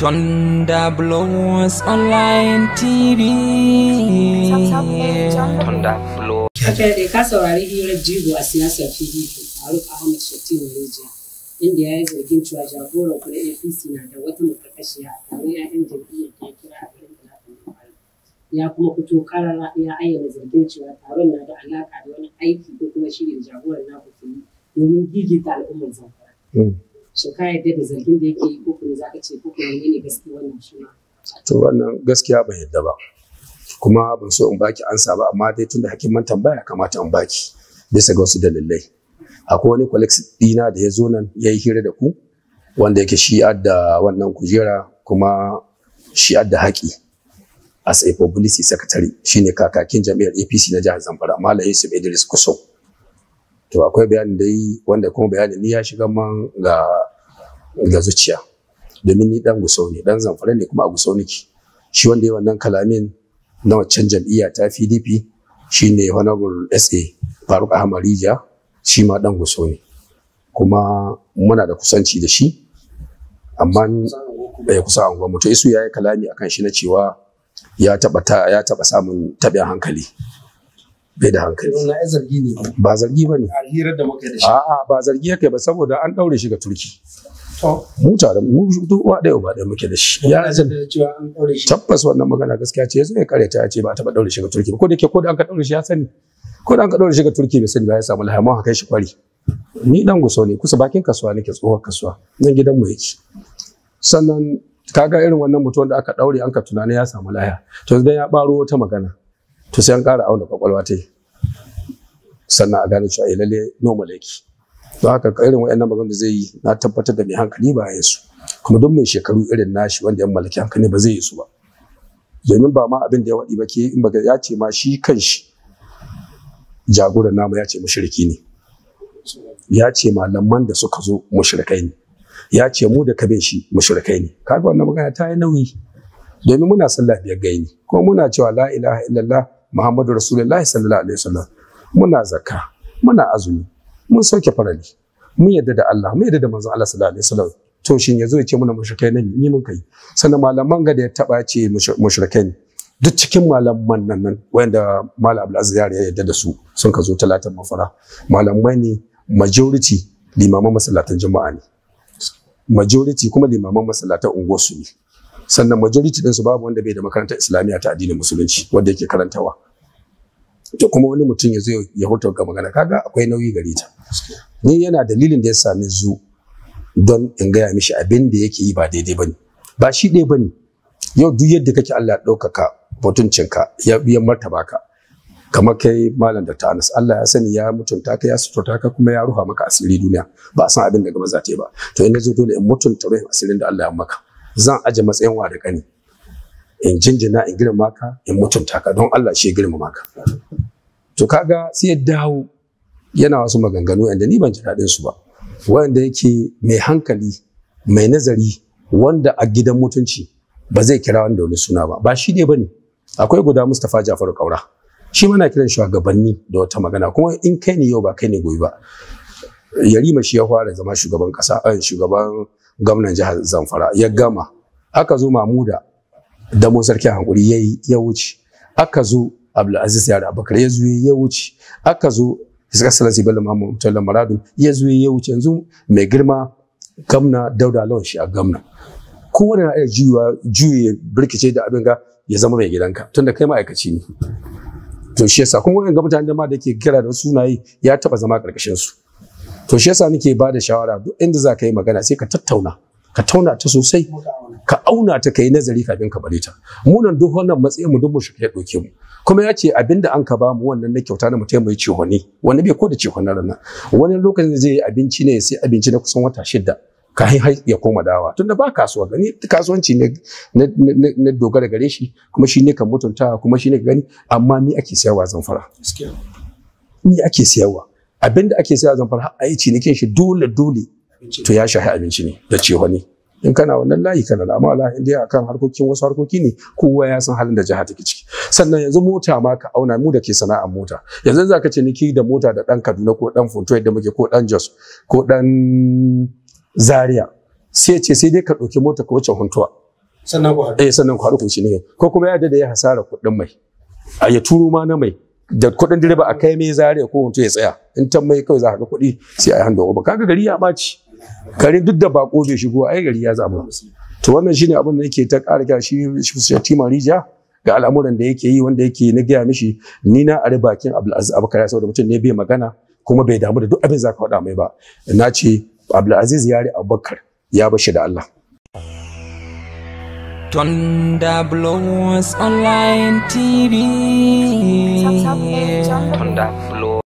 Thunder Blows Online TV. Thunder Blows. Haka da ka saurari hirar jigo a siyasar PDP Faruk Ahmed Shattima Rijiya inda ya yi zargin cewa jagoran kula APC na da wata makarkashiya a taron 'ya'yan jam'iyyar da ya kira a garin Talata Ya kuma fito kara ya ayyana zargin cewa taron na da alaka da wani aiki ko kuma shirin jagoran na domin gigita al'ummar zamfara. Hmm. shin ka da zargin da yake yi ko kuma zaka ce ko kuma ne gaskiya wannan shi ma to wannan gaskiya ban yarda ba kuma ban so in baki ansa ba amma dai tunda hakiman tambaya kamata in baki bisa ga wasu dalilai akwai wani colleagues dina da ya zo nan ya yi hira da ku wanda yake shi da wannan kujera kuma shi da haƙi as a publicity secretary shine kakakin jami'ar APC na jihar Zamfara Malam Yusuf Idris Kuso to akwai bayanin dai wanda kuma bayanin ni ya shiga man ga ga zuciya domin ni dan gusau ne dan zamfara ne kuma a gusau nake shi wanda ya wannan kalamin na waccan jam'iyya ta PDP shine honorable SA Faruk Ahmad Rija shi ma dan gusau ne kuma muna da kusanci da shi amma bai eh, kusa an gwamnati isu yayi kalami akan shi na cewa ya taba ta ya taba samun tabin hankali bai da hankali zargi ne ba zargi bane a hirar da muka da shi a'a ba zargi yake ba saboda an daure shi ga turki mu tare mu duk uwa ɗaya uba ɗaya muke da shi ya zan tabbas wannan magana gaskiya ce yazo ya kareta ya ce ba a taɓa ɗaure shi ga turki ba ko da ke ko da an ka ɗaure shi ya sani ko da an ka ɗaure shi ga turki bai sani ba ya samu lahamu haka shi kwari ni dan guso ne kusa bakin kasuwa nake tsohon kasuwa nan gidan mu yake sannan kaga irin wannan mutum da aka daure an ka tunani ya samu laya to idan ya baro wata magana to sai an ƙara auna kwakwalwa ta yi sannan a gane cewa eh, lalle normal yake don haka irin wayannan maganganu da zai yi na tabbatar da mai hankali ba ya su kuma duk mai shekaru irin nashi wanda ya mallaki hankali ba zai yi su ba domin ba ma abin da ya wadi ba ke in ya ce ma shi kanshi jagoran namu ya ce mushriki ne ya ce malaman da suka zo mushrikai ne ya ce mu da kabe shi mushrikai ne kaga wannan magana ta yi nauyi domin muna sallah biyar gaini kuma muna cewa la ilaha illallah muhammadu rasulullahi sallallahu alaihi wasallam muna zakka muna azumi mun sauke farali mun yadda da Allah mun yadda da manzon Allah sallallahu alaihi wasallam to shin yazo ya ce mana mushrikai ne ni mun kai sannan malaman ga da ya taba ce mushrikai ne duk cikin malaman nan nan wanda malam Abdul Aziz ya yadda da su sun ka zo talatin mafara malamai ne majority limaman masallatan jama'a ne majority kuma limaman masallatan unguwarsu ne sannan majority din su babu wanda bai da makarantar islamiyya ta addinin musulunci wanda yake karantawa to kuma wani mutum ya zo ya huta ga magana kaga akwai nauyi gare ta ni yana dalilin da ya sami zu don in gaya mishi abin da yake yi ba daidai bane ba shi ɗaya bane yau duk yadda kake Allah ya ɗaukaka mutuncinka ya biya martaba ka kamar kai malam da ta'anas Allah ya sani ya mutunta ka ya sutura ka kuma ya ruha maka asiri duniya ba a san abin da gaba za ta yi ba to in zo dole in mutunta ruhin asirin da Allah ya maka zan aje matsayin wa da kani in jinjina in girma ka in mutunta ka don Allah shi girma maka to kaga sai ya dawo yana wasu maganganu yadda ni ban ji daɗin su ba wanda yake mai hankali mai nazari wanda a gidan mutunci ba zai kira wanda wani suna ba ba shi ne bane akwai guda Mustapha Jafaru Kaura shi mana kiran shugabanni da wata magana kuma in kai ne yau ba kai ne gobe ba Yarima shi ya fara zama shugaban kasa eh, shugaban gwamnan jihar Zamfara ya gama aka zo Mamuda da mu sarki hankuri yayi ya wuce aka zo Abdulaziz Yara Abubakar ya zo ya wuce aka zo iska salasi Bello mamu Mutalla Maradu ya ya wuce yanzu mai girma gamna Dauda Lawan shi a gamna wani na iya juyewa birkice da abin ga ya zama mai gidanka tunda kai ma'aikaci ne to shi yasa kuma wani ga mutanen da ma da ke kira da sunaye ya taba zama karkashin su to shi yasa nake ba da shawara duk inda za ka yi magana sai ka tattauna ka tauna ta sosai ka auna ta ka yi nazari kafin ka bare ta mu nan duk wannan matsayin mu duk mu shirye doke mu kuma ya ce abinda an ka ba mu wannan na kyauta na mu taimai cihoni wani bai ko da cihon na wani lokacin zai yi abinci ne sai abinci na kusan wata shida hai ya koma dawa tunda ba kasuwa gani kasuwanci ne na dogara gare shi kuma shi ne kan mutunta kuma shi ne gani amma ni ake sayarwa zamfara ni ake sayarwa abinda ake sayarwa zamfara a yi cinikin shi dole dole to ya shahi abinci ne da cewa in kana wannan layi kana da amma in dai akan harkokin wasu harkoki ne kowa ya san halin da jaha take ciki sannan yanzu mota ma ka auna mu da ke sana'ar mota yanzu za ka ce niki da mota da dan Kaduna ko dan Funto yadda muke ko dan Jos ko dan Zaria sai ce sai dai ka ɗauki mota ka wuce huntuwa sannan ku haɗu eh sannan ku haɗu ku shi ne ko kuma ya da ya hasara kuɗin mai a ya turo ma na mai da kuɗin direba a kai mai Zaria ko Hunto ya tsaya in tan mai kawai za ka ga kuɗi sai a yi hando ba kaga gari ya ɓaci kare duk da bako bai shigo ai gari ya zama to wannan shine abin da yake ta ƙara ga shi Shatima Rija ga al'amuran da yake yi wanda yake na gaya mishi ni na are bakin Abdulaziz Abubakar saboda mutum ne bai magana kuma bai damu da duk abin zaka faɗa mai ba na ce Abdulaziz Yari Abubakar ya bashi da Allah Tonda Blows Online TV Tonda Blows